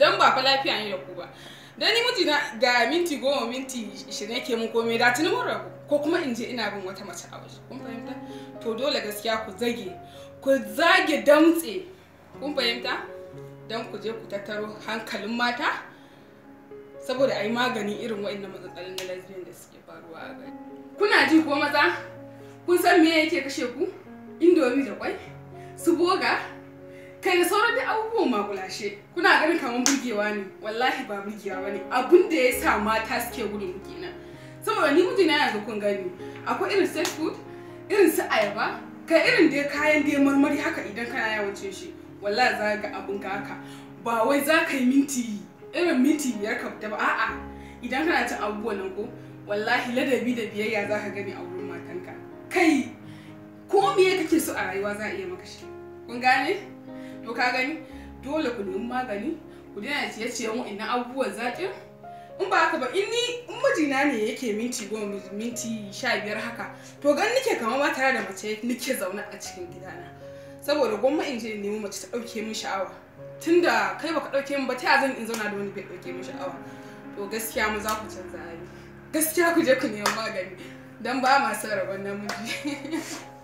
don ba fa lafiya ne da ku ba dan ni miji da minti goma minti ishirin ke mun komai da tuni mun rabu ko kuma in je ina bin wata mace a waje kun fahimta to dole gaskiya ku zage ku zage damtse kun fahimta don ku je ku tattaro hankalin mata saboda a yi maganin irin wa'annan matsatsalin na lesbian da suke faruwa a gari kuna ji ko maza kun san me yake kashe ku indomi da kwai su boga kai da sauran dai abubuwan gulashe. kuna ganin kamar burgewa ne wallahi ba burgewa ba ne abin da ya sa mata suke gudu kenan saboda ni mijina yana da kun gani akwai irin safe food irin su ayaba kai irin da kayan ya marmari haka idan kana yawan cin shi wallahi za ga abin ka haka ba wai za ka yi minti irin minti biyar ka fita ba a'a idan kana cin abubuwan nan ko wallahi ladabi da biyayya za ka gani a wurin matanka kai ko me kake so a rayuwa za a iya maka shi kun gane to ka gani dole ku nemi magani ku daina ciye mu ina abubuwan zaƙin in ba haka ba in ni in mijina ne yake minti goma minti sha biyar haka to gan nike kama ma tare da mace nike zaune a cikin gidana saboda gwamma in je in nemi mace ta ɗauke min sha'awa tunda kai baka ɗauke min ba ta zan in zauna da wani bai ɗauke min sha'awa to gaskiya mu za ku canza hali gaskiya ku je ku nemi magani don ba ma son rabon namiji